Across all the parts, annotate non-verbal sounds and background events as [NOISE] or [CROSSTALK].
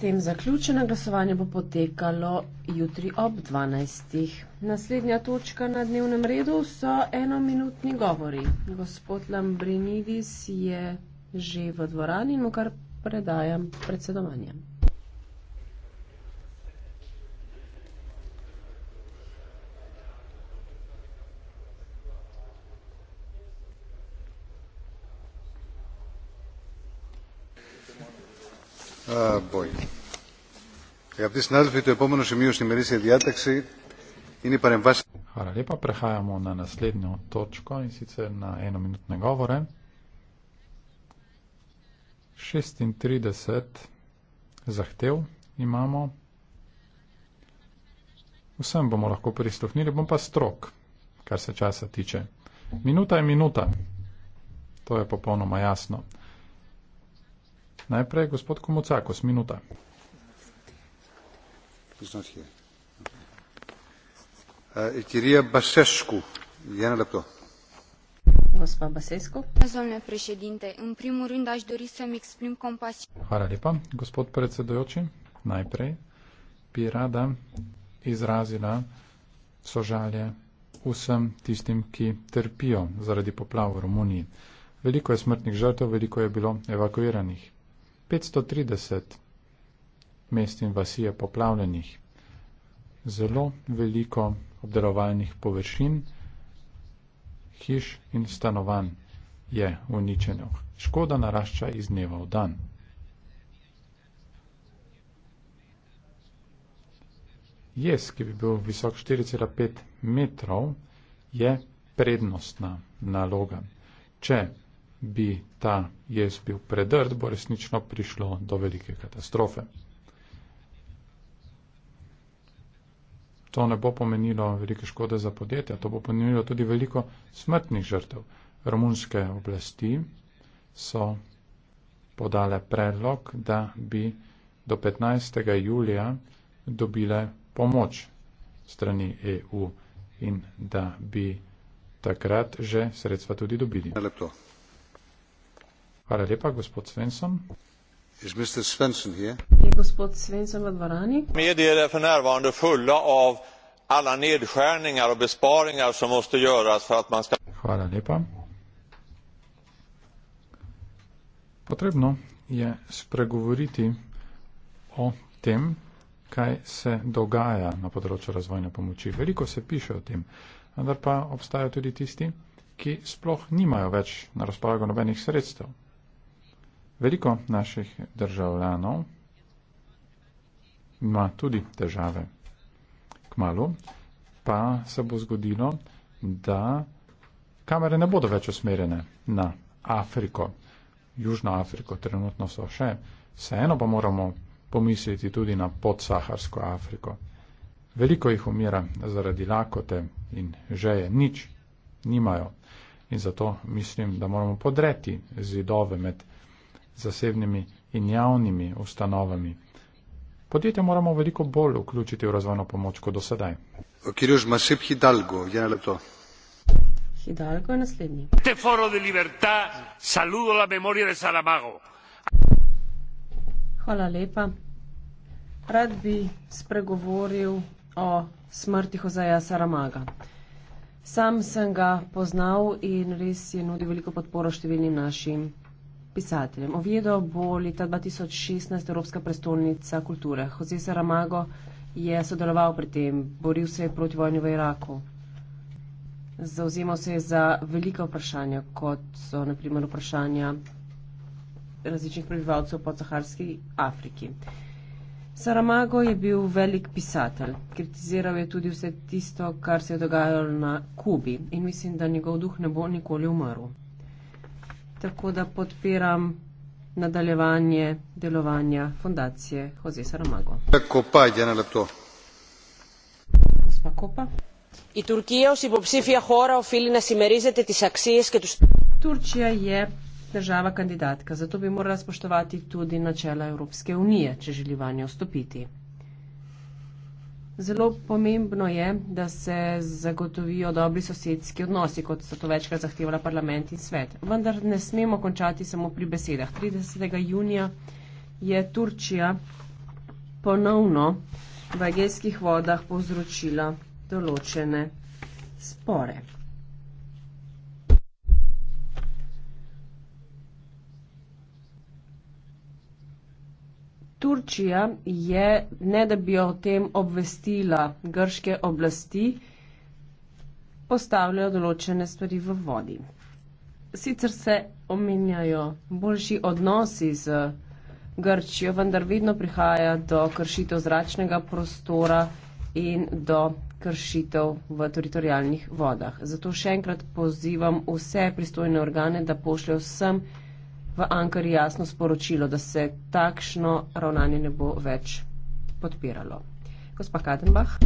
tem zaključeno. Glasovanje bo potekalo jutri ob 12. Naslednja točka na dnevnem redu so enominutni govori. Gospod Lambrinidis je že v dvorani in mu kar predajam predsedovanjem. Hvala lepa. Prehajamo na naslednjo točko in sicer na enominutne govore. 36 zahtev imamo. Vsem bomo lahko pristopnili, bom pa strok, kar se časa tiče. Minuta je minuta. To je popolnoma jasno. Najprej gospod Komocakos, minuta. Etirija eh, Basescu, je na lepto. Gospa Basescu. Zvonne prešedinte, v primu rind aš dori sem eksplim kompas. Hvala lepa, gospod predsedojoči. Najprej bi rada izrazila sožalje vsem tistim, ki trpijo zaradi poplav v Romuniji. Veliko je smrtnih žrtev, veliko je bilo evakuiranih. 530 mest in vasi je poplavljenih. Zelo veliko obdelovalnih površin, hiš in stanovanj je uničeno. Škoda narašča iz dneva v dan. Jez, ki bi bil visok 4,5 metrov, je prednostna naloga. Če bi ta jaz bil predrd, bo resnično prišlo do velike katastrofe. To ne bo pomenilo velike škode za podjetja, to bo pomenilo tudi veliko smrtnih žrtev. Romunske oblasti so podale predlog, da bi do 15. julija dobile pomoč strani EU in da bi takrat že sredstva tudi dobili. Lepo. Hvala lepa, gospod Svensson. Is Mr. Svensson here? Je gospod Svensson v dvorani? Medije je prenervano fulla av alla nedskärningar och besparingar som måste göras för att man ska... Hvala lepa. Potrebno je spregovoriti o tem, kaj se dogaja na področju razvojne pomoči. Veliko se piše o tem, vendar pa obstajajo tudi tisti, ki sploh nimajo več na razpolago nobenih sredstev. Veliko naših državljanov ima tudi težave. Kmalo pa se bo zgodilo, da kamere ne bodo več usmerjene na Afriko, Južno Afriko, trenutno so še. Vseeno pa moramo pomisliti tudi na podsaharsko Afriko. Veliko jih umira zaradi lakote in žeje, nič nimajo. In zato mislim, da moramo podreti zidove med Afriko zasebnimi in javnimi ustanovami. Podjetja moramo veliko bolj vključiti v razvojno pomoč kot do sedaj. Kirjož Masip Hidalgo, je na leto. Hidalgo je naslednji. Te foro de liberta, saludo la memoria de Saramago. Hvala lepa. Rad bi spregovoril o smrti Hozeja Saramaga. Sam sem ga poznal in res je nudil veliko podporo številnim našim pisateljem. Ovjedo bo leta 2016 Evropska prestolnica kulture. Jose Saramago je sodeloval pri tem, boril se je proti vojni v Iraku. Zauzemal se je za velika vprašanja, kot so naprimer vprašanja različnih prebivalcev po Saharski Afriki. Saramago je bil velik pisatelj. Kritiziral je tudi vse tisto, kar se je dogajalo na Kubi in mislim, da njegov duh ne bo nikoli umrl tako da podpiram nadaljevanje delovanja fundacije Jose Saramago. Gospa Kopa. Turčija je država kandidatka, zato bi morala spoštovati tudi načela Evropske unije, če želi vanjo vstopiti. Zelo pomembno je, da se zagotovijo dobri sosedski odnosi, kot so to večkrat zahtevala parlament in svet. Vendar ne smemo končati samo pri besedah. 30. junija je Turčija ponovno v egejskih vodah povzročila določene spore. Turčija je, ne da bi o tem obvestila grške oblasti, postavljala določene stvari v vodi. Sicer se omenjajo boljši odnosi z Grčijo, vendar vedno prihaja do kršitev zračnega prostora in do kršitev v teritorijalnih vodah. Zato še enkrat pozivam vse pristojne organe, da pošljajo vsem v Ankari jasno sporočilo, da se takšno ravnanje ne bo več podpiralo. Gospa Kadenbach.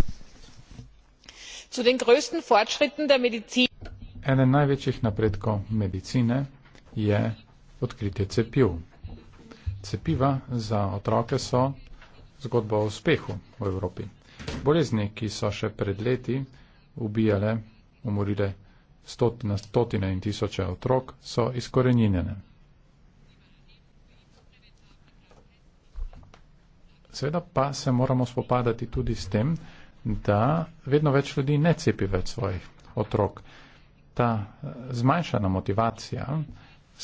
Eden največjih napredkov medicine je odkritje cepiv. Cepiva za otroke so zgodba o uspehu v Evropi. Bolezni, ki so še pred leti ubijale, umorile stotine, stotine in tisoče otrok, so izkorenjene. Seveda pa se moramo spopadati tudi s tem, da vedno več ljudi ne cepi več svojih otrok. Ta eh, zmanjšana motivacija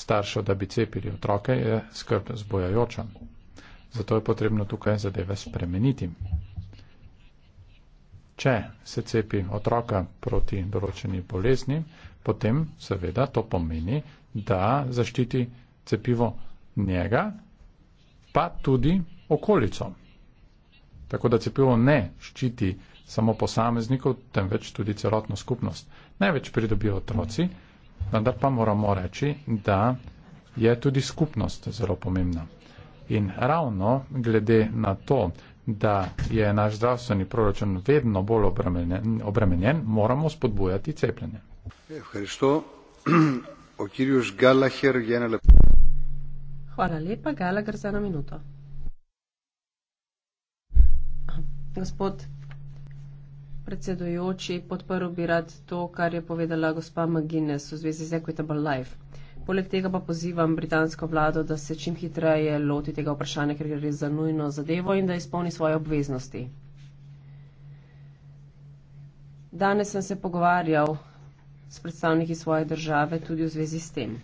staršev, da bi cepili otroke, je skrb zbojajoča. Zato je potrebno tukaj zadeve spremeniti. Če se cepi otroka proti določeni bolezni, potem seveda to pomeni, da zaščiti cepivo njega, pa tudi okolicom. Tako da cepivo ne ščiti samo posameznikov, temveč tudi celotno skupnost. Največ pridobijo otroci, vendar pa moramo reči, da je tudi skupnost zelo pomembna. In ravno glede na to, da je naš zdravstveni proračun vedno bolj obremenjen, obremenjen moramo spodbujati cepljenje. Hvala lepa, Galagr, za eno minuto. Gospod predsedujoči, podporil bi rad to, kar je povedala gospa McGuinness v zvezi z Equitable Life. Poleg tega pa pozivam britansko vlado, da se čim hitreje loti tega vprašanja, ker gre za nujno zadevo in da izpolni svoje obveznosti. Danes sem se pogovarjal s predstavniki svoje države tudi v zvezi s tem.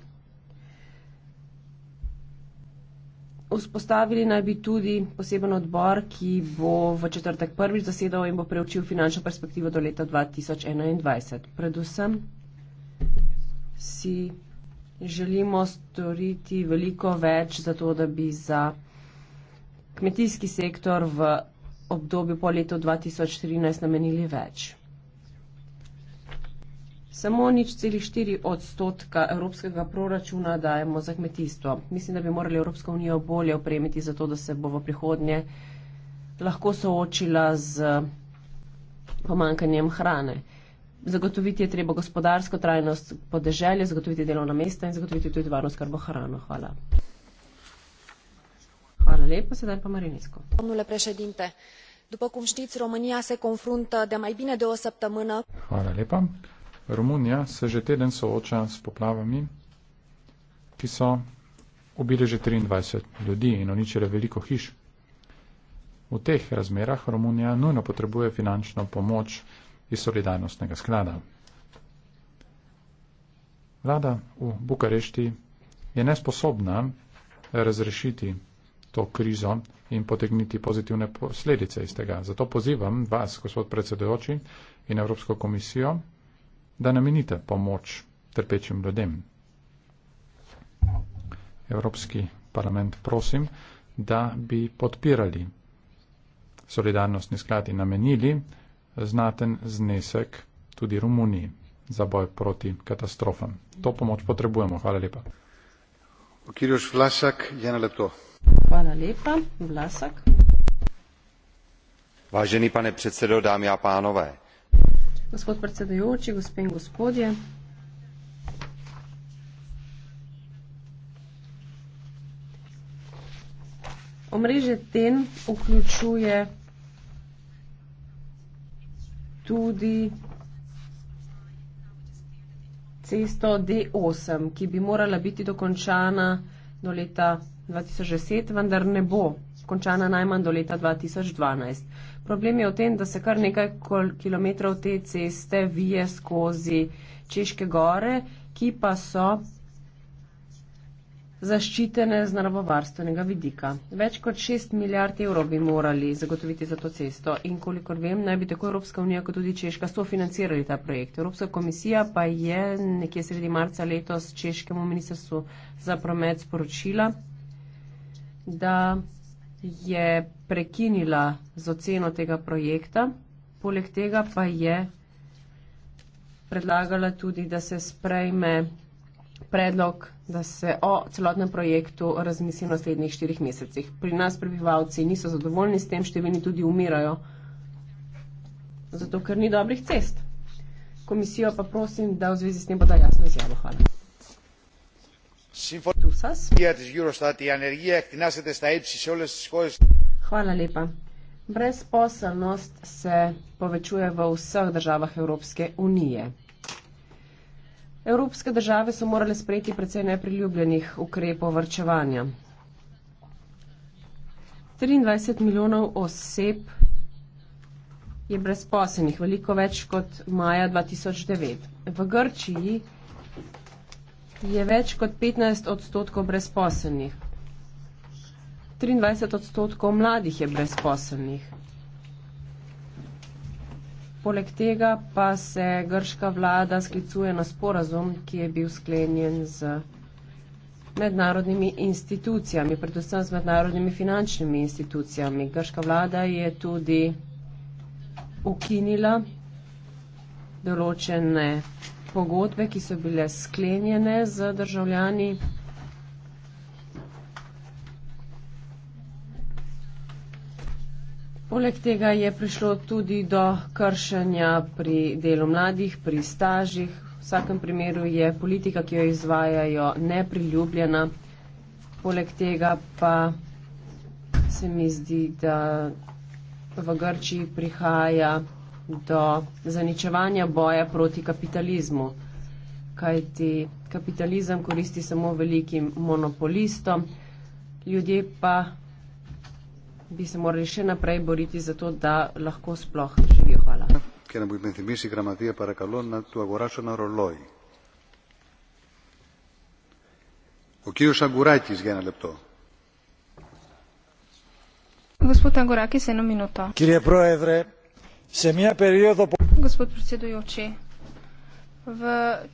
Vzpostavili naj bi tudi poseben odbor, ki bo v četrtek prvič zasedal in bo preučil finančno perspektivo do leta 2021. Predvsem si želimo storiti veliko več za to, da bi za kmetijski sektor v obdobju po letu 2013 namenili več. Samo nič celi štiri odstotka evropskega proračuna dajemo za kmetijstvo. Mislim, da bi morali Evropsko unijo bolje opremiti za to, da se bo v prihodnje lahko soočila z pomankanjem hrane. Zagotoviti je treba gospodarsko trajnost podeželje, zagotoviti delovna mesta in zagotoviti tudi varnost kar bo hrano. Hvala. Hvala lepa, sedaj pa Marinesko. După cum știți, România se confruntă de mai bine de o săptămână. Hvala lepa. Romunija se že teden sooča s poplavami, ki so ubili že 23 ljudi in uničili veliko hiš. V teh razmerah Romunija nujno potrebuje finančno pomoč iz solidarnostnega sklada. Vlada v Bukarešti je nesposobna razrešiti to krizo in potegniti pozitivne posledice iz tega. Zato pozivam vas, gospod predsedujoči, in Evropsko komisijo, da namenite pomoč trpečim ljudem. Evropski parlament prosim, da bi podpirali solidarnostni sklad in namenili znaten znesek tudi Romuniji za boj proti katastrofam. To pomoč potrebujemo. Hvala lepa. Vlasak, Jana Lepto. Hvala lepa. Vlasak. Vážený pane předsedo, dámy a pánové. Gospod predsedajoči, gospe in gospodje. Omrežje TEN vključuje tudi cesto D8, ki bi morala biti dokončana do leta 2010, vendar ne bo končana najmanj do leta 2012. Problem je v tem, da se kar nekaj kilometrov te ceste vije skozi Češke gore, ki pa so zaščitene z naravovarstvenega vidika. Več kot 6 milijard evrov bi morali zagotoviti za to cesto in kolikor vem, naj bi tako Evropska unija kot tudi Češka sofinancirali ta projekt. Evropska komisija pa je nekje sredi marca letos Češkemu ministrstvu za promet sporočila, da je prekinila z oceno tega projekta. Poleg tega pa je predlagala tudi, da se sprejme predlog, da se o celotnem projektu razmisli v naslednjih štirih mesecih. Pri nas prebivalci niso zadovoljni s tem, številni tudi umirajo, zato ker ni dobrih cest. Komisijo pa prosim, da v zvezi s tem bo da jasno izjavo. Hvala σύμφωνα με την ιστορία της Eurostat, η ανεργία εκτινάσεται στα ύψη σε όλες τις χώρες. Χαλά λίπα. Brezposelnost se povečuje v vseh državah Evropske unije. Evropske države so morale sprejeti precej nepriljubljenih ukrepov vrčevanja. 23 milijonov oseb je brezposelnih, veliko več kot maja 2009. V Grčiji je več kot 15 odstotkov brezposelnih. 23 odstotkov mladih je brezposelnih. Poleg tega pa se grška vlada sklicuje na sporazum, ki je bil sklenjen z mednarodnimi institucijami, predvsem z mednarodnimi finančnimi institucijami. Grška vlada je tudi ukinila določene pogodbe, ki so bile sklenjene z državljani. Poleg tega je prišlo tudi do kršenja pri delu mladih, pri stažih. V vsakem primeru je politika, ki jo izvajajo, nepriljubljena. Poleg tega pa se mi zdi, da v Grčiji prihaja do zaničevanja boja proti kapitalizmu. Kaj ti kapitalizem koristi samo velikim monopolistom, ljudje pa bi se morali še naprej boriti za to, da lahko sploh živijo. Hvala. Gospod Angorakis, eno minuto. Gospod predsedujoči, v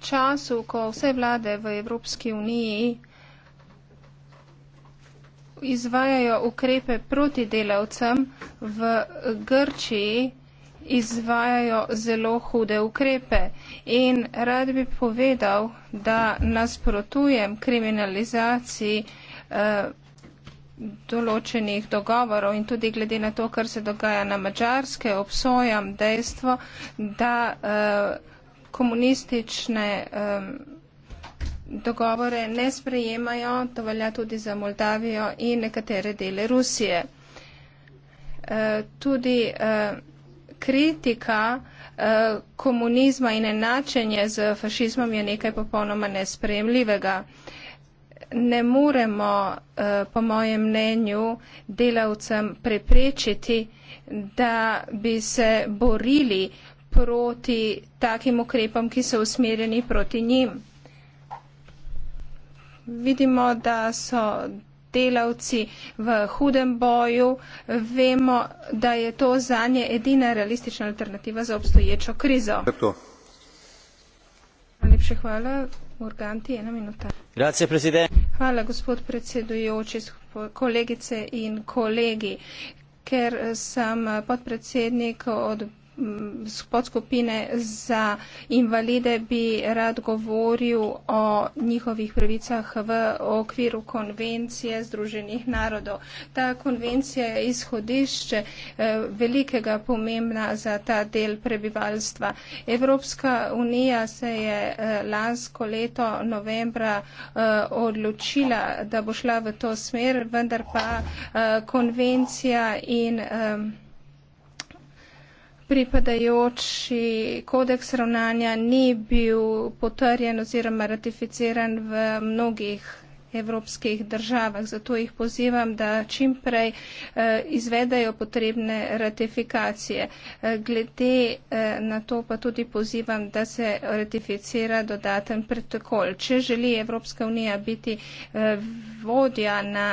času, ko vse vlade v Evropski uniji izvajajo ukrepe proti delavcem, v Grčiji izvajajo zelo hude ukrepe. In rad bi povedal, da nasprotujem kriminalizaciji eh, določenih dogovorov in tudi glede na to, kar se dogaja na mačarske, obsojam dejstvo, da uh, komunistične um, dogovore ne sprejemajo, to velja tudi za Moldavijo in nekatere dele Rusije. E, tudi e, kritika e, komunizma in enačenje z fašizmom je nekaj popolnoma nespremljivega. E, ne moremo, eh, po mojem mnenju, delavcem preprečiti, da bi se borili proti takim ukrepom, ki so usmerjeni proti njim. Vidimo, da so delavci v hudem boju, vemo, da je to zanje edina realistična alternativa za obstoječo krizo. Zato. Najlepša hvala. Urganti, ena minuta. Grazie, hvala, gospod predsedujoči, kolegice in kolegi. Ker eh, sem eh, podpredsednik odbora, podskupine za invalide bi rad govoril o njihovih pravicah v okviru konvencije Združenih narodov. Ta konvencija je izhodišče eh, velikega pomembna za ta del prebivalstva. Evropska unija se je eh, lansko leto novembra eh, odločila, da bo šla v to smer, vendar pa konvencija in pripadajoči kodeks ravnanja ni bil potrjen oziroma ratificiran v mnogih evropskih državah. Zato jih pozivam, da čim prej eh, izvedajo potrebne ratifikacije. Eh, glede eh, na to pa tudi pozivam, da se ratificira dodaten protokol. Če želi Evropska unija biti vodja na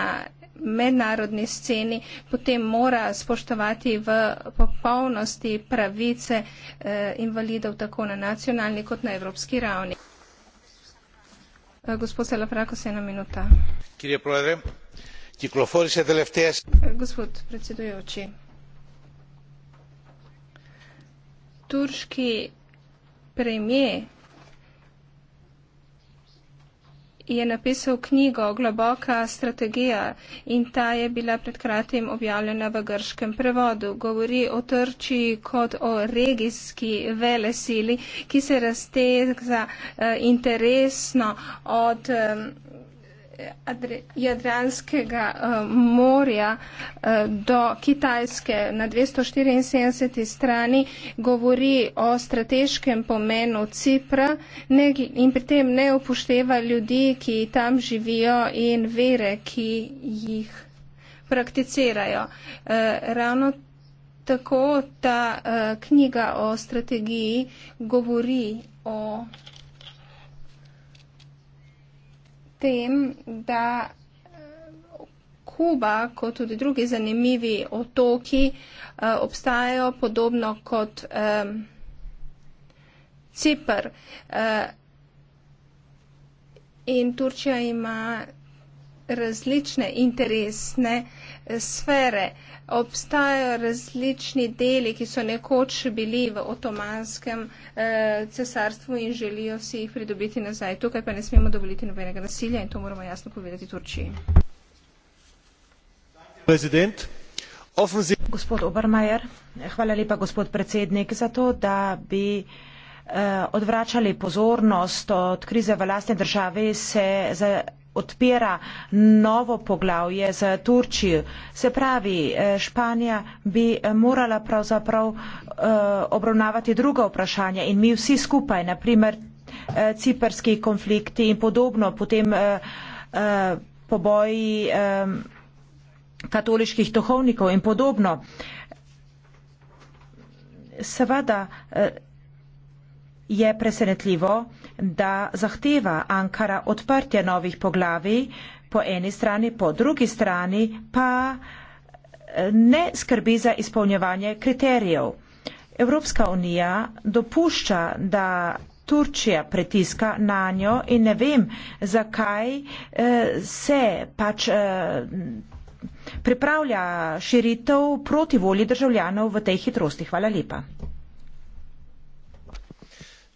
mednarodni sceni, potem mora spoštovati v popolnosti pravice eh, invalidov tako na nacionalni kot na evropski ravni. Eh, gospod Salafrakos, ena minuta. Eh, gospod predsedujoči. Turški premijer je napisal knjigo Globoka strategija in ta je bila pred kratkim objavljena v grškem prevodu. Govori o Trčiji kot o regijski velesili, ki se razteza eh, interesno od um, Adri Jadranskega uh, morja uh, do Kitajske na 274. strani govori o strateškem pomenu Cipra ne, in pri tem ne upošteva ljudi, ki tam živijo in vere, ki jih prakticirajo. Uh, ravno tako ta uh, knjiga o strategiji govori o. tem, da Kuba, kot tudi drugi zanimivi otoki, eh, obstajajo podobno kot Cipr. Eh, in Turčija ima različne interesne uh, sfere. Obstajajo različni deli, ki so nekoč bili v otomanskem eh, cesarstvu in želijo si jih pridobiti nazaj. Tukaj pa ne smemo dovoliti nobenega nasilja in to moramo jasno povedati Turčiji. President. Gospod Obermajer, hvala lepa gospod predsednik za to, da bi eh, odvračali pozornost od krize v lastni državi, se za odpira novo poglavje za Turčijo. Se pravi, eh, Španija bi eh, morala pravzaprav eh, obravnavati druga vprašanja in mi vsi skupaj, naprimer ciperski konflikti in podobno, potem poboji katoliških tohovnikov in podobno. Seveda je presenetljivo, da zahteva Ankara odprtje novih poglavij po eni strani, po drugi strani pa eh, ne skrbi za izpolnjevanje kriterijev. Evropska unija dopušča, da Turčija pritiska na njo in ne vem, zakaj eh, se pač eh, pripravlja širitev proti volji državljanov v tej hitrosti. Hvala lepa.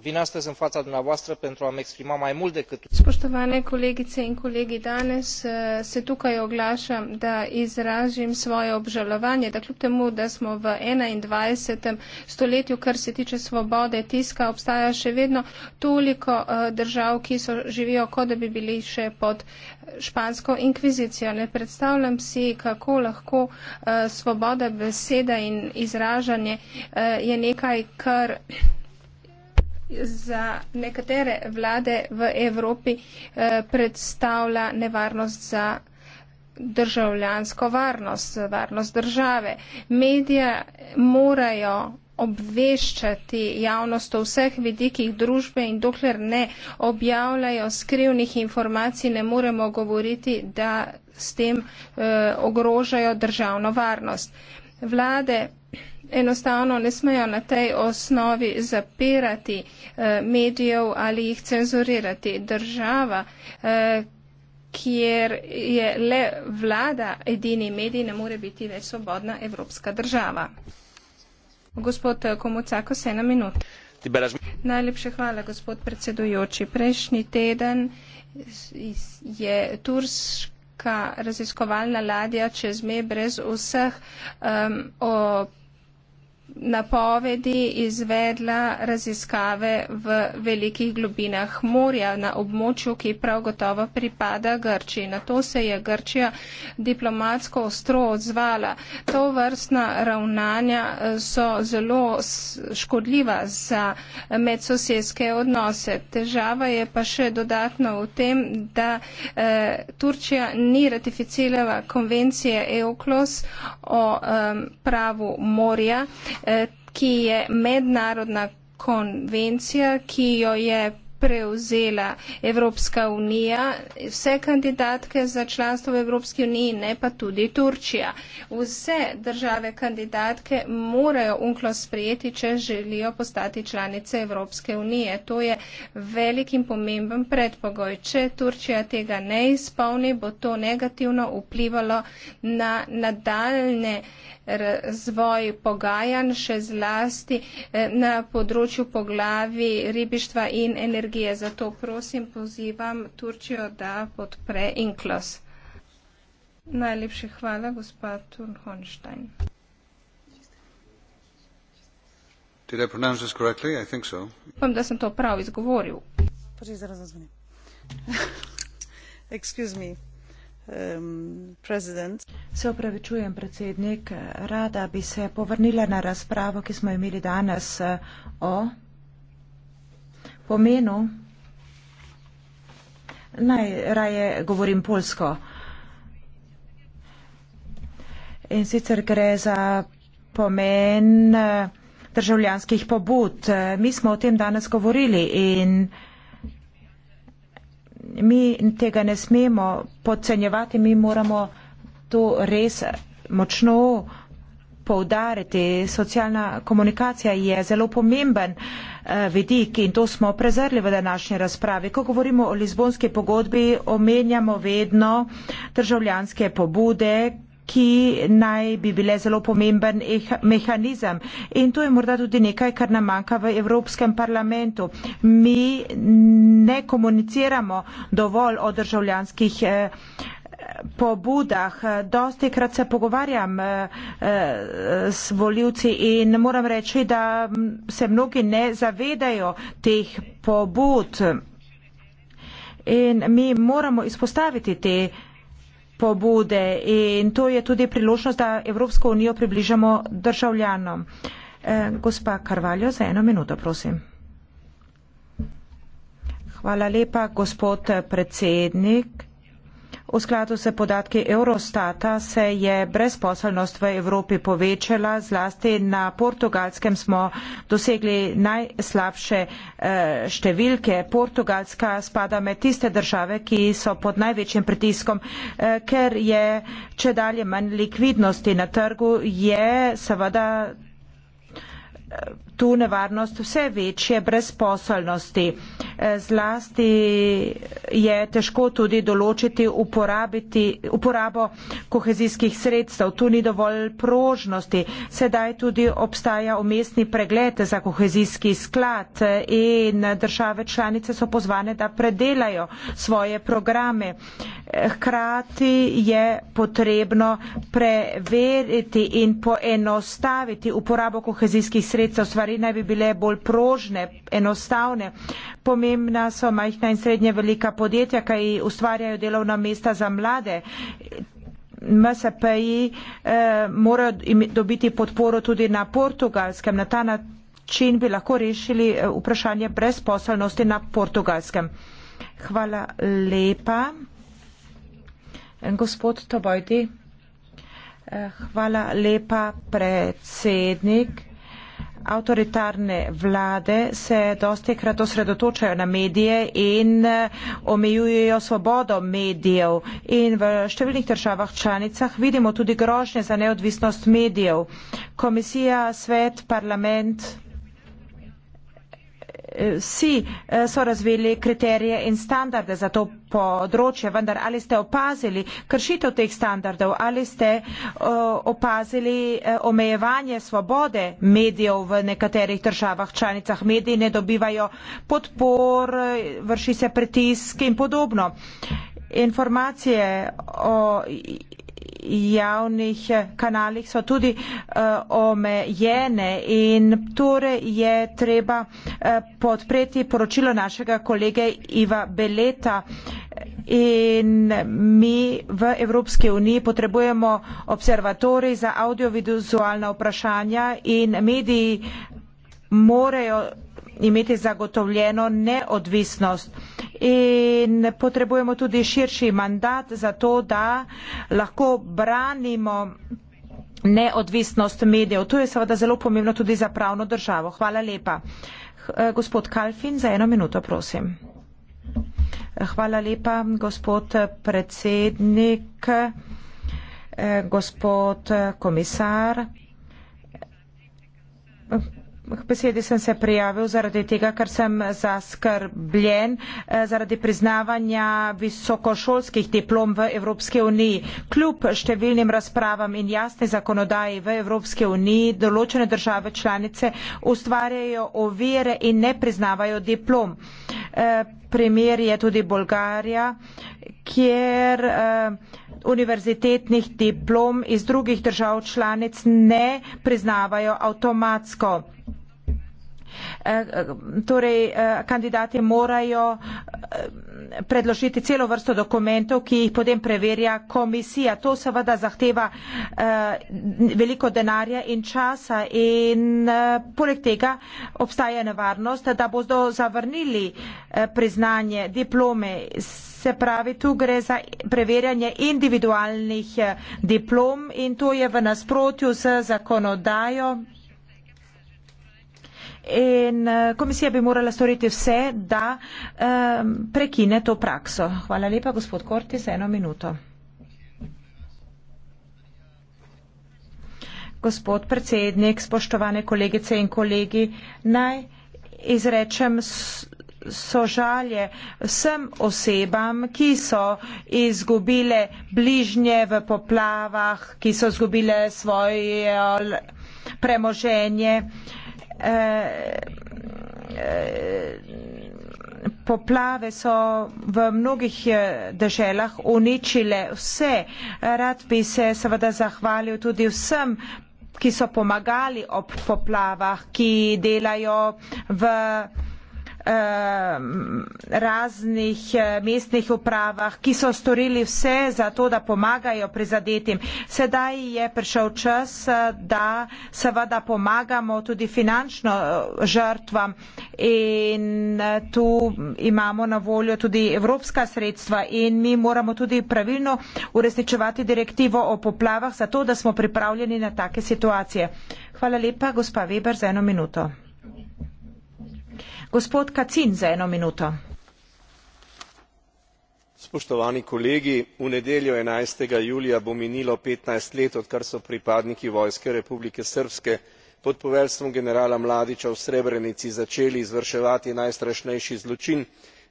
vin astăzi în fața dumneavoastră pentru a mi exprima mai mult decât. Spoštovane kolegice in kolegi, danes eh, se tukaj oglašam, da izražim svoje obžalovanje, da kljub temu, da smo v 21. stoletju, kar se tiče svobode tiska, obstaja še vedno toliko eh, držav, ki so živijo, kot da bi bili še pod eh, špansko inkvizicijo. Ne predstavljam si, kako lahko svoboda beseda in izražanje je nekaj, kar za nekatere vlade v Evropi eh, predstavlja nevarnost za državljansko varnost, varnost države. Medije morajo obveščati javnost o vseh vidikih družbe in dokler ne objavljajo skrivnih informacij, ne moremo govoriti, da s tem eh, ogrožajo državno varnost. Vlade enostavno ne smejo na tej osnovi zapirati eh, medijev ali jih cenzurirati. Država, eh, kjer je le vlada edini medij, ne more biti več svobodna evropska država. Gospod eh, Komucako, se na minut. Najlepše hvala, gospod predsedujoči. Prejšnji teden je turška raziskovalna ladja čez me brez vseh um, opisov napovedi izvedla raziskave v velikih globinah morja na območju, ki prav gotovo pripada Grčiji. Na to se je Grčija diplomatsko ostro odzvala. To vrstna ravnanja eh, so zelo škodljiva za medsosedske odnose. Težava je pa še dodatno v tem, da eh, Turčija ni ratificirala konvencije EUKLOS o eh, pravu morja. Eh, ki je mednarodna konvencija, ki jo je prevzela Evropska unija, vse kandidatke za članstvo v Evropski uniji, ne pa tudi Turčija. Vse države kandidatke morajo unklo sprejeti, če želijo postati članice Evropske unije. To je velik in pomemben predpogoj. Če Turčija tega ne izpolni, bo to negativno vplivalo na nadaljne razvoj pogajanj, še zlasti eh, na področju poglavi ribištva in energije energije. Zato prosim, pozivam Turčijo, da podpre Inklos. Najlepše hvala, gospa Turnhonštajn. Upam, so. da sem to prav izgovoril. Počej, zaraz razumem. [LAUGHS] Excuse me. Um, se opravičujem, predsednik. Rada bi se povrnila na razpravo, ki smo imeli danes eh, o pomenu. Naj raje govorim polsko. In sicer gre za pomen eh, državljanskih pobud. Eh, mi smo o tem danes govorili in mi tega ne smemo podcenjevati, mi moramo to res močno poudariti. Socialna komunikacija je zelo pomemben eh, vidik in to smo prezrli v današnji razpravi. Ko govorimo o Lizbonski pogodbi, omenjamo vedno državljanske pobude ki naj bi bile zelo pomemben eh, mehanizem. In to je morda tudi nekaj, kar nam manjka v Evropskem parlamentu. Mi ne komuniciramo dovolj o državljanskih eh, pobudah. Dosti krat se pogovarjam eh, eh, s voljivci in moram reči, da se mnogi ne zavedajo teh pobud. In mi moramo izpostaviti te pobude in to je tudi priložnost, da Evropsko unijo približamo državljanom. Eh, gospa Karvaljo, za eno minuto, prosim. Hvala lepa, gospod predsednik. V skladu se podatki Eurostata se je brezposelnost v Evropi povečala, zlasti na portugalskem smo dosegli najslabše eh, številke. Portugalska spada med tiste države, ki so pod največjim pritiskom, eh, ker je če dalje manj likvidnosti na trgu, je seveda tu nevarnost vse večje brezposelnosti. E, zlasti je težko tudi določiti uporabo kohezijskih sredstev. Tu ni dovolj prožnosti. Sedaj tudi obstaja umestni pregled za kohezijski sklad in države članice so pozvane, da predelajo svoje programe. Hkrati je potrebno preveriti in poenostaviti uporabo kohezijskih sredstev sredstev stvari naj bi bile bolj prožne, enostavne. Pomembna so majhna in srednje velika podjetja, kaj ustvarjajo delovna mesta za mlade. MSP-ji eh, morajo dobiti podporo tudi na portugalskem, na ta način bi lahko rešili eh, vprašanje brezposelnosti na portugalskem. Hvala lepa. Gospod Tobojdi, eh, hvala lepa predsednik avtoritarne vlade se dosti krat osredotočajo na medije in eh, omejujejo svobodo medijev. In v številnih državah članicah vidimo tudi grožnje za neodvisnost medijev. Komisija, svet, parlament vsi eh, so razvili kriterije in standarde za to področje, vendar ali ste opazili kršitev teh standardov, ali ste eh, opazili eh, omejevanje svobode medijev v nekaterih državah, članicah mediji ne dobivajo podpor, vrši se pritisk in podobno. Informacije o javnih eh, kanalih so tudi uh, omejene in torej je treba uh, podpreti poročilo našega kolege Iva Beleta in mi v Evropske uniji potrebujemo observatorij za audiovizualna vprašanja in mediji morajo imeti zagotovljeno neodvisnost. In potrebujemo tudi širši mandat za to, da lahko branimo neodvisnost medijev. To je seveda zelo pomembno tudi za pravno državo. Hvala lepa. Eh, gospod Kalfin, za eno minuto, prosim. Hvala lepa, gospod eh, predsednik, eh, gospod komisar. K besedi sem se prijavil zaradi tega, ker sem zaskrbljen eh, zaradi priznavanja visokošolskih diplom v Evropske uniji. Kljub številnim razpravam in jasni zakonodaji v Evropske uniji, določene države članice ustvarjajo ovire in ne priznavajo diplom. Eh, primer je tudi Bolgarija, kjer eh, univerzitetnih diplom iz drugih držav članic ne priznavajo avtomatsko. Eh, torej eh, kandidati morajo eh, predložiti celo vrsto dokumentov, ki jih potem preverja komisija. To seveda zahteva veliko denarja in časa in poleg tega obstaja nevarnost, da bodo zavrnili priznanje diplome. Se pravi, tu gre za preverjanje individualnih diplom in to je v nasprotju z zakonodajo in eh, komisija bi morala storiti vse, da um, prekine to prakso. Hvala lepa, gospod Korti, za eno minuto. Gospod predsednik, spoštovane kolegice in kolegi, naj izrečem sožalje vsem osebam, ki so izgubile bližnje v poplavah, ki so izgubile svoje premoženje. Uh, poplave so v mnogih eh, deželah uničile vse. Rad bi se seveda zahvalil tudi vsem ki so pomagali ob poplavah, ki delajo v uh, raznih eh, mestnih upravah, ki so storili vse za to, da pomagajo prizadetim. Sedaj je prišel čas, eh, da seveda pomagamo tudi finančno eh, žrtvam in tu imamo na voljo tudi evropska sredstva in mi moramo tudi pravilno uresničevati direktivo o poplavah, zato da smo pripravljeni na take situacije. Hvala lepa, gospa Weber, za eno minuto. Gospod Kacin za eno minuto. Spoštovani kolegi, v nedeljo 11. julija bo minilo 15 let, odkar so pripadniki Vojske Republike Srpske pod poveljstvom generala Mladiča v Srebrenici začeli izvrševati najstrašnejši zločin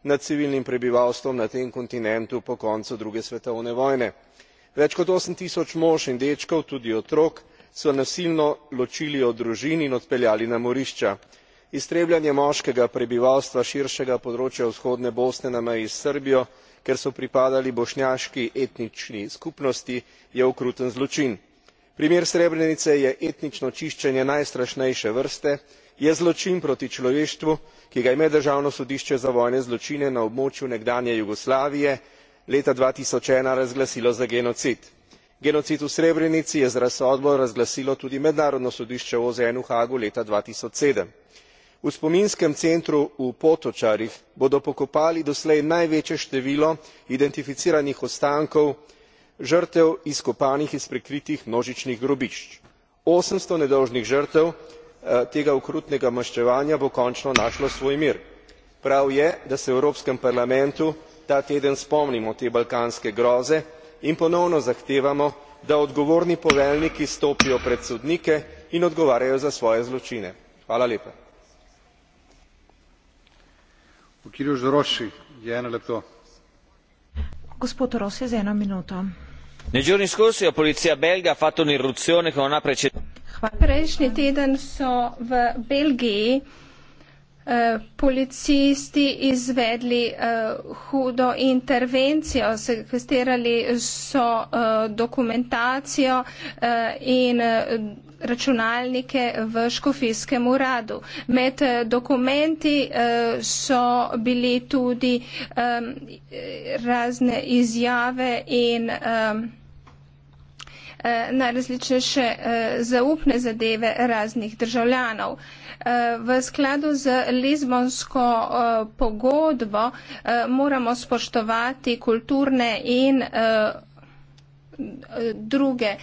nad civilnim prebivalstvom na tem kontinentu po koncu druge svetovne vojne. Več kot 8000 mož in dečkov, tudi otrok, so nasilno ločili od družin in odpeljali na morišča iztrebljanje moškega prebivalstva širšega področja vzhodne bosne na meji s srbijo kjer so pripadali bošnjaški etnični skupnosti je okruten zločin. primer srebrenice je etnično čiščenje najstrašnejše vrste je zločin proti človeštvu ki ga je meddržavno sodišče za vojne zločine na območju nekdanje jugoslavije leta dva tisoč ena razglasilo za genocid. genocid v srebrenici je z razsodbo razglasilo tudi mednarodno sodišče v oznu v haagu leta dva tisoč sedem v spominskem centru v potočarih bodo pokopali doslej največje število identificiranih ostankov žrtev izkopanih iz prikritih množičnih grobišč. osemsto nedolžnih žrtev eh, tega okrutnega maščevanja bo končno našlo svoj mir. prav je da se v evropskem parlamentu ta teden spomnimo te balkanske groze in ponovno zahtevamo da odgovorni poveljniki stopijo pred sodnike in odgovarjajo za svoje zločine nei giorni scorsi la polizia belga ha fatto un'irruzione che non ha precedenti. prejšnji teden so v belgiji Eh, policisti izvedli uh, hudo intervencijo, sekvestirali so uh, dokumentacijo uh, in uh, računalnike v škofijskem uradu. Med uh, dokumenti uh, so bili tudi um, razne izjave in um, Eh, najrazličnejše eh, zaupne zadeve raznih državljanov. Eh, v skladu z Lizbonsko pogodbo moramo spoštovati kulturne in druge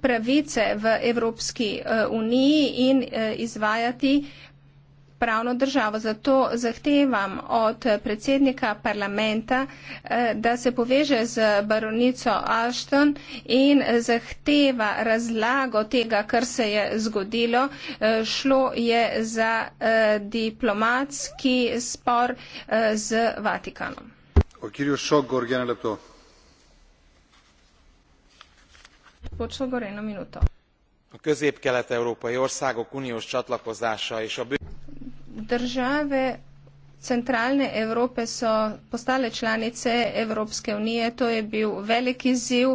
pravice v Evropski uniji in izvajati pravno državo. Zato zahtevam od predsednika parlamenta, eh, da se poveže z baronico Ashton in zahteva razlago tega, kar se je zgodilo. Eh, šlo je za eh, diplomatski spor z Vatikanom. A közép-kelet-európai országok uniós csatlakozása és a bűnözés države centralne Evrope so postale članice Evropske unije. To je bil veliki ziv,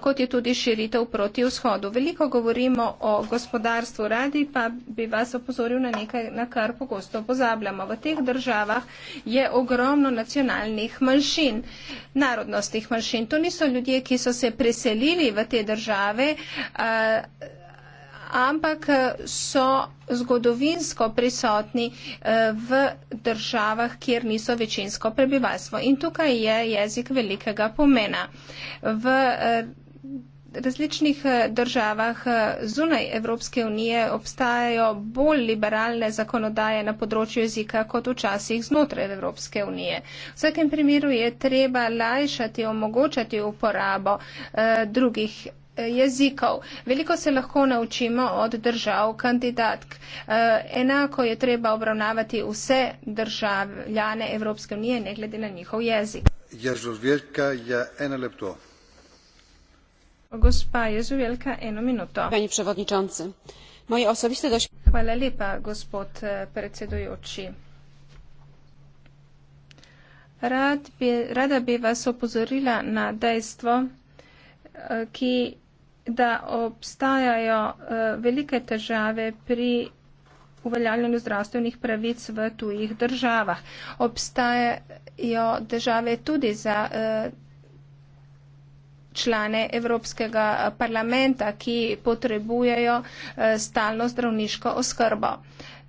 kot je tudi širitev proti vzhodu. Veliko govorimo o gospodarstvu radi, pa bi vas opozoril na nekaj, na kar pogosto pozabljamo. V teh državah je ogromno nacionalnih manjšin, narodnostnih manjšin. To niso ljudje, ki so se preselili v te države ampak eh, so zgodovinsko prisotni eh, v državah, kjer niso večinsko prebivalstvo. In tukaj je jezik velikega pomena. V eh, različnih državah zunaj Evropske unije obstajajo bolj liberalne zakonodaje na področju jezika kot včasih znotraj Evropske unije. V vsakem primeru je treba lajšati, omogočati uporabo drugih jezikov. Veliko se lahko naučimo od držav kandidatk. Eh, enako je treba obravnavati vse državljane Evropske unije, ne glede na njihov jezik. Jezuvjetka je ja, ena lepto. Gospa Jezuvjetka, eno minuto. Pani predsednica, moje osebiste doživljanje. Hvala lepa, gospod eh, predsedujoči. Rad bi, rada bi vas opozorila na dejstvo, eh, ki da obstajajo uh, velike težave pri uveljavljanju zdravstvenih pravic v tujih državah. Obstajajo države tudi za uh, člane Evropskega parlamenta, ki potrebujejo uh, stalno zdravniško oskrbo. Uh,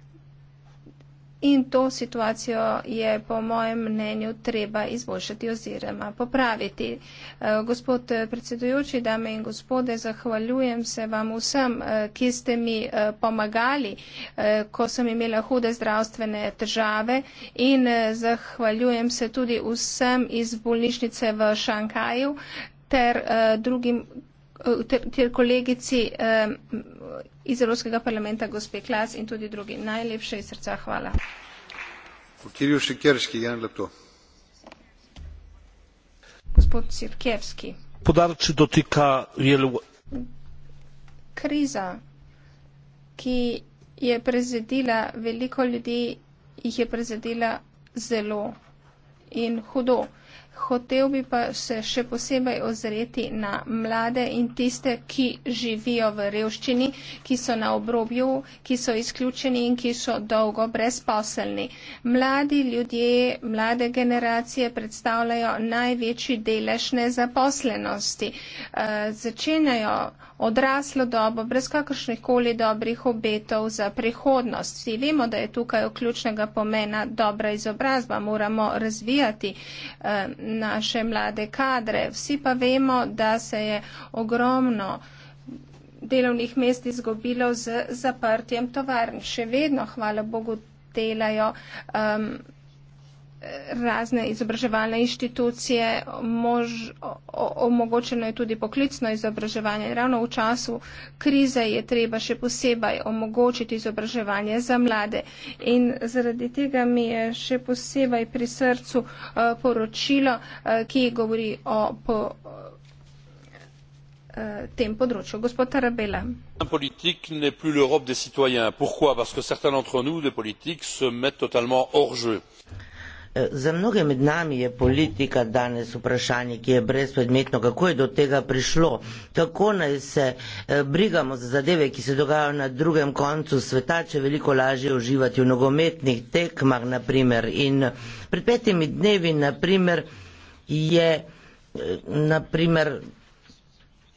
in to situacijo je po mojem mnenju treba izboljšati oziroma popraviti. Eh, gospod predsedujoči, dame in gospode, zahvaljujem se vam vsem, eh, ki ste mi eh, pomagali, ko sem imela hude zdravstvene težave in zahvaljujem se tudi vsem iz bolnišnice v Šankaju ter drugim ter kolegici iz Evropskega parlamenta gospe Klas in tudi drugi. Najlepše iz srca hvala. Gospod Sirkevski. Podarči dotika jelu. Kriza, ki je prezedila veliko ljudi, jih je prezedila zelo in hudo. Hotel bi pa se še posebej ozreti na mlade in tiste, ki živijo v revščini, ki so na obrobju, ki so izključeni in ki so dolgo brezposelni. Mladi ljudje, mlade generacije predstavljajo največji delež nezaposlenosti. E, začenjajo odraslo dobo, brez kakršnih koli dobrih obetov za prihodnost. Vsi vemo, da je tukaj ključnega pomena dobra izobrazba. Moramo razvijati eh, naše mlade kadre. Vsi pa vemo, da se je ogromno delovnih mest izgubilo z zaprtjem tovarn. Še vedno, hvala Bogu, delajo. Eh, razne izobraževalne inštitucije, mož, omogočeno je tudi poklicno izobraževanje. Ravno v času krize je treba še posebej omogočiti izobraževanje za mlade. In zaradi tega mi je še posebej pri srcu eh, poročilo, eh, ki govori o po, eh, tem področju. Gospod Tarabela. Un politique n'est plus l'Europe des citoyens. Pourquoi Parce que certains d'entre nous, des politiques, se mettent totalement hors jeu. Za mnoge med nami je politika danes vprašanje, ki je brezpredmetno, kako je do tega prišlo, kako naj se eh, brigamo za zadeve, ki se dogajajo na drugem koncu sveta, če veliko lažje uživati v nogometnih tekmah, naprimer. In eh, pred petimi dnevi, naprimer, je, eh, naprimer,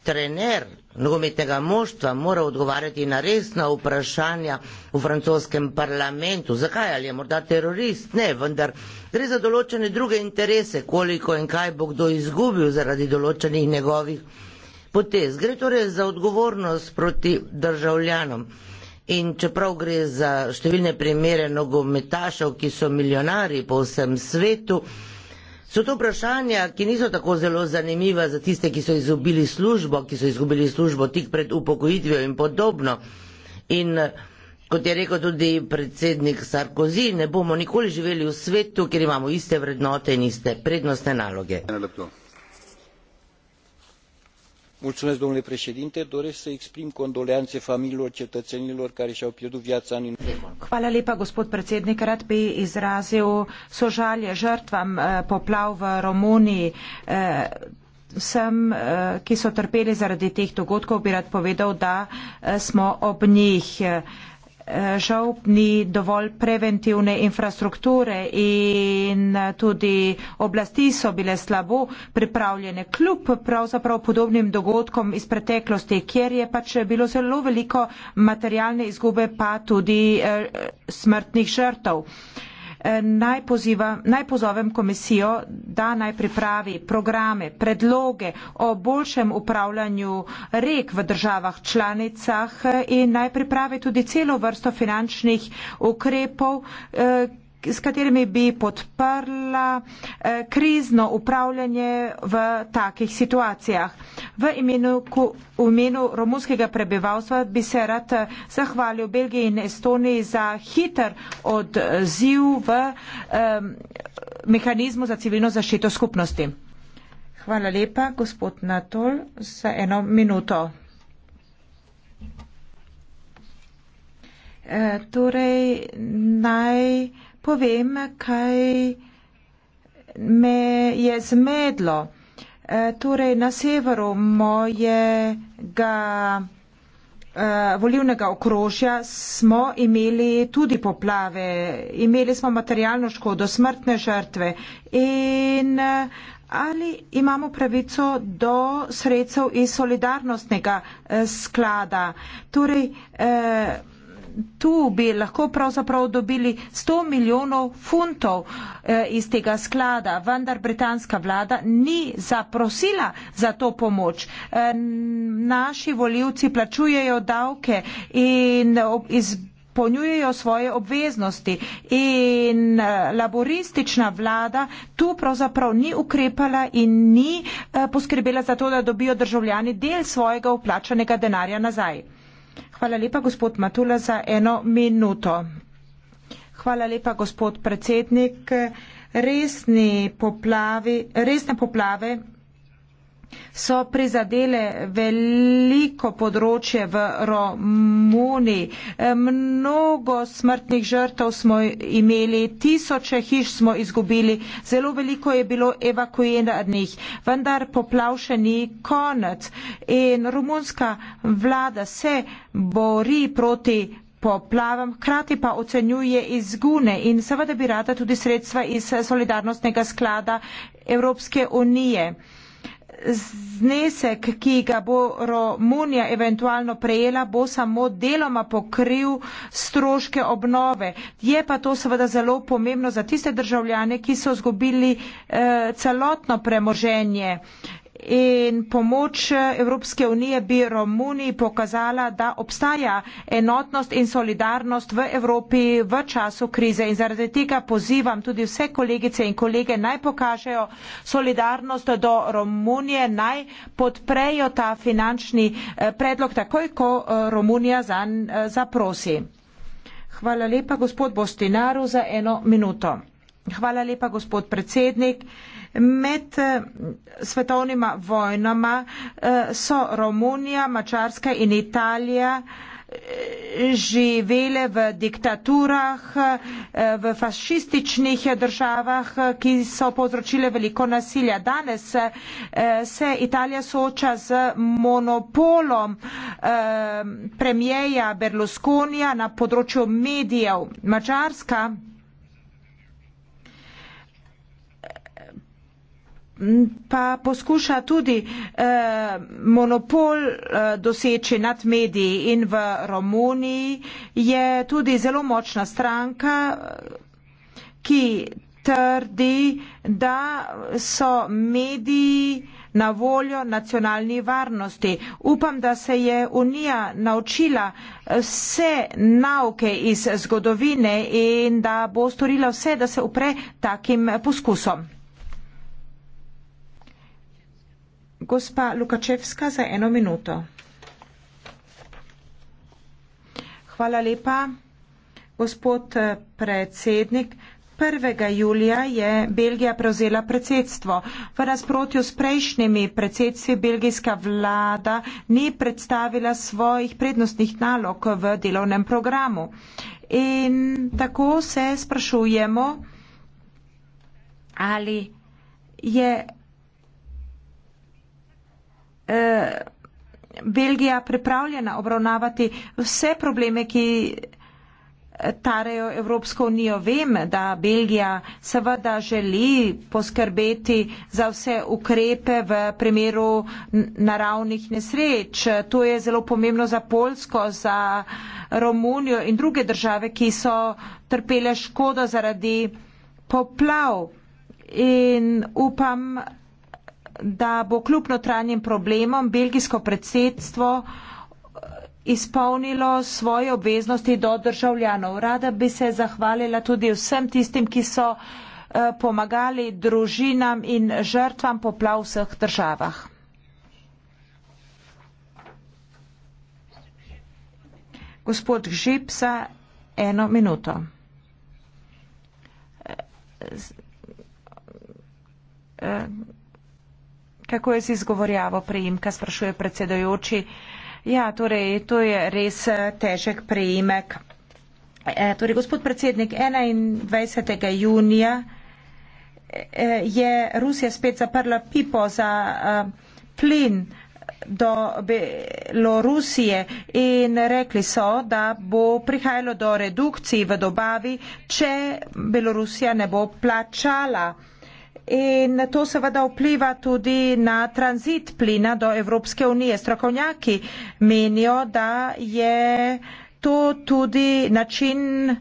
trener nogometnega moštva mora odgovarjati na resna vprašanja v francoskem parlamentu. Zakaj ali je morda terorist? Ne, vendar gre za določene druge interese, koliko in kaj bo kdo izgubil zaradi določenih njegovih potez. Gre torej za odgovornost proti državljanom. In čeprav gre za številne primere nogometašev, ki so milijonari po vsem svetu, So to vprašanja, ki niso tako zelo zanimiva za tiste, ki so izgubili službo, ki so izgubili službo tik pred upokojitvijo in podobno. In kot je rekel tudi predsednik Sarkozy, ne bomo nikoli živeli v svetu, kjer imamo iste vrednote in iste prednostne naloge. Najlepšo doresc să exprim condoleane familiilor cetăenilor care i au pierdut viaa în inundaiile. Eh, eh, vsem, eh, ki so trpeli zaradi teh dogodkov, bi rad povedal, da smo ob njih žal ni dovolj preventivne infrastrukture in tudi oblasti so bile slabo pripravljene. Kljub pravzaprav podobnim dogodkom iz preteklosti, kjer je pač bilo zelo veliko materialne izgube, pa tudi eh, smrtnih žrtev naj, poziva, naj pozovem komisijo, da naj pripravi programe, predloge o boljšem upravljanju rek v državah članicah in naj pripravi tudi celo vrsto finančnih ukrepov, eh, s katerimi bi podprla eh, krizno upravljanje v takih situacijah. V imenu, ku, imenu romunskega prebivalstva bi se rad eh, zahvalil Belgiji in Estoniji za hiter odziv v eh, mehanizmu za civilno zaščito skupnosti. Hvala lepa, gospod Natol, za eno minuto. Eh, torej, naj povem, kaj me je zmedlo. E, torej, na severu mojega e, volivnega okrožja smo imeli tudi poplave, imeli smo materialno škodo, smrtne žrtve in e, ali imamo pravico do sredstev iz solidarnostnega sklada. Torej, tu bi lahko pravzaprav dobili 100 milijonov funtov eh, iz tega sklada, vendar britanska vlada ni zaprosila za to pomoč. Eh, naši voljivci plačujejo davke in iz ponjujejo svoje obveznosti in eh, laboristična vlada tu pravzaprav ni ukrepala in ni poskrbela za to, da dobijo državljani del svojega vplačanega denarja nazaj. Hvala lepa, gospod Matula, za eno minuto. Hvala lepa, gospod predsednik. Resne poplave, resne poplave so prizadele veliko področje v Romuniji. Eh, mnogo smrtnih žrtev smo imeli, tisoče hiš smo izgubili, zelo veliko je bilo evakuiranih, vendar poplav še ni konec in rumunska vlada se bori proti poplavam, hkrati pa ocenjuje izgune in seveda bi rada tudi sredstva iz solidarnostnega sklada Evropske unije znesek, ki ga bo Romunija eventualno prejela, bo samo deloma pokril stroške obnove. Je pa to seveda zelo pomembno za tiste državljane, ki so zgubili eh, celotno premoženje in pomoč Evropske unije bi Romuniji pokazala, da obstaja enotnost in solidarnost v Evropi v času krize. In zaradi tega pozivam tudi vse kolegice in kolege naj pokažejo solidarnost do Romunije, naj podprejo ta finančni eh, predlog takoj, ko eh, Romunija zan eh, zaprosi. Hvala lepa gospod Bostinaru za eno minuto. Hvala lepa gospod predsednik. Med eh, svetovnima vojnama eh, so Romunija, Mačarska in Italija eh, živele v diktaturah, v fašističnih državah, ki so povzročile veliko nasilja. Danes se Italija sooča z monopolom premijeja Berlusconija na področju medijev. Mačarska pa poskuša tudi eh, monopol eh, doseči nad mediji in v Romuniji je tudi zelo močna stranka, eh, ki trdi, da so mediji na voljo nacionalni varnosti. Upam, da se je Unija naučila eh, vse nauke iz zgodovine in da bo storila vse, da se upre takim poskusom. Gospa Lukačevska za eno minuto. Hvala lepa. Gospod eh, predsednik, 1. julija je Belgija prevzela predsedstvo. V nasprotju s prejšnjimi predsedstvi belgijska vlada ni predstavila svojih prednostnih nalog v delovnem programu. In tako se sprašujemo, ali je Eh, Belgija pripravljena obravnavati vse probleme, ki eh, tarejo Evropsko unijo. Vem, da Belgija seveda želi poskrbeti za vse ukrepe v primeru naravnih nesreč. To je zelo pomembno za Polsko, za Romunijo in druge države, ki so trpele škodo zaradi poplav. In upam, da bo kljub notranjim problemom belgijsko predsedstvo eh, izpolnilo svoje obveznosti do državljanov. Rada bi se zahvalila tudi vsem tistim, ki so eh, pomagali družinam in žrtvam poplav v vseh državah. Gospod Žipsa, eno minuto. Uh, uh, Kako je z izgovorjavo prejemka, sprašuje predsedojoči. Ja, torej, to je res eh, težek prejemek. E, eh, torej, gospod predsednik, 21. junija eh, je Rusija spet zaprla pipo za uh, plin do Belorusije in rekli so, da bo prihajalo do redukcij v dobavi, če Belorusija ne bo plačala in to seveda vpliva tudi na tranzit plina do Evropske unije. Strokovnjaki menijo, da je to tudi način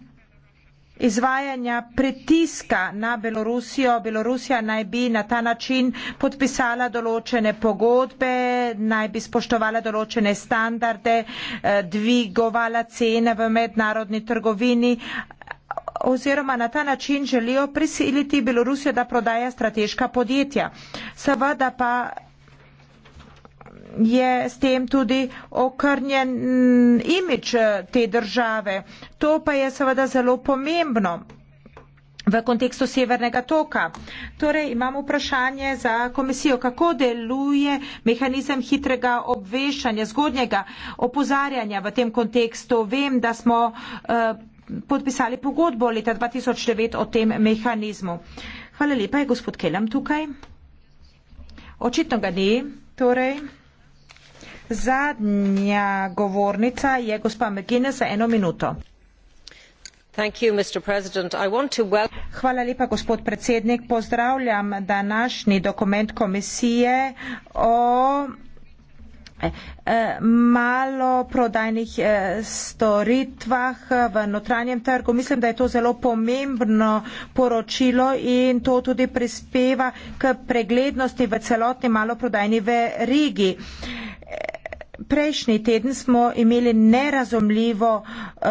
izvajanja pritiska na Belorusijo. Belorusija naj bi na ta način podpisala določene pogodbe, naj bi spoštovala določene standarde, eh, dvigovala cene v mednarodni trgovini, oziroma na ta način želijo prisiliti Belorusijo, da prodaja strateška podjetja. Seveda pa je s tem tudi okrnjen mm, imič eh, te države. To pa je seveda zelo pomembno v kontekstu Severnega toka. Torej imamo vprašanje za komisijo, kako deluje mehanizem hitrega obveščanja, zgodnjega opozarjanja v tem kontekstu. Vem, da smo uh, podpisali pogodbo leta 2009 o tem mehanizmu. Hvala lepa, je gospod Kelam tukaj. Očitno ga ni, torej. Zadnja govornica je gospa McGinnis za eno minuto. Hvala lepa, gospod predsednik. Pozdravljam današnji dokument komisije o E, e, malo prodajnih e, storitvah v notranjem trgu. Mislim, da je to zelo pomembno poročilo in to tudi prispeva k preglednosti v celotni maloprodajni verigi prejšnji teden smo imeli nerazumljivo uh,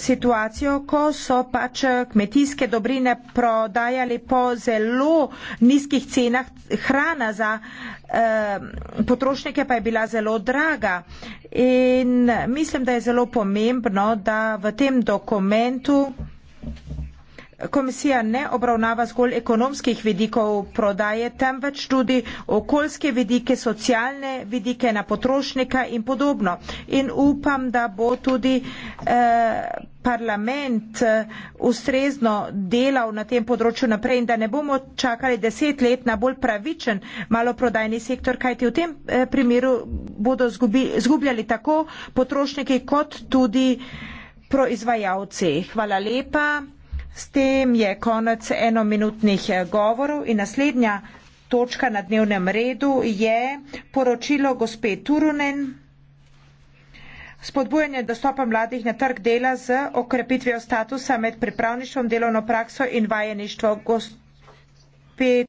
situacijo, ko so pač eh, kmetijske dobrine prodajali po zelo nizkih cenah, hrana za uh, potrošnike pa je bila zelo draga. In mislim, da je zelo pomembno, da v tem dokumentu Komisija ne obravnava zgolj ekonomskih vidikov prodaje, temveč tudi okoljske vidike, socialne vidike na potrošnika in podobno. In upam, da bo tudi eh, parlament eh, ustrezno delal na tem področju naprej in da ne bomo čakali deset let na bolj pravičen maloprodajni sektor, kajti v tem eh, primeru bodo zgubi, zgubljali tako potrošniki kot tudi proizvajalci. Hvala lepa. S tem je konec enominutnih eh, govorov in naslednja točka na dnevnem redu je poročilo gospe Turunen. Spodbujanje dostopa mladih na trg dela z okrepitvijo statusa med pripravništvom, delovno prakso in vajeništvo. Gospe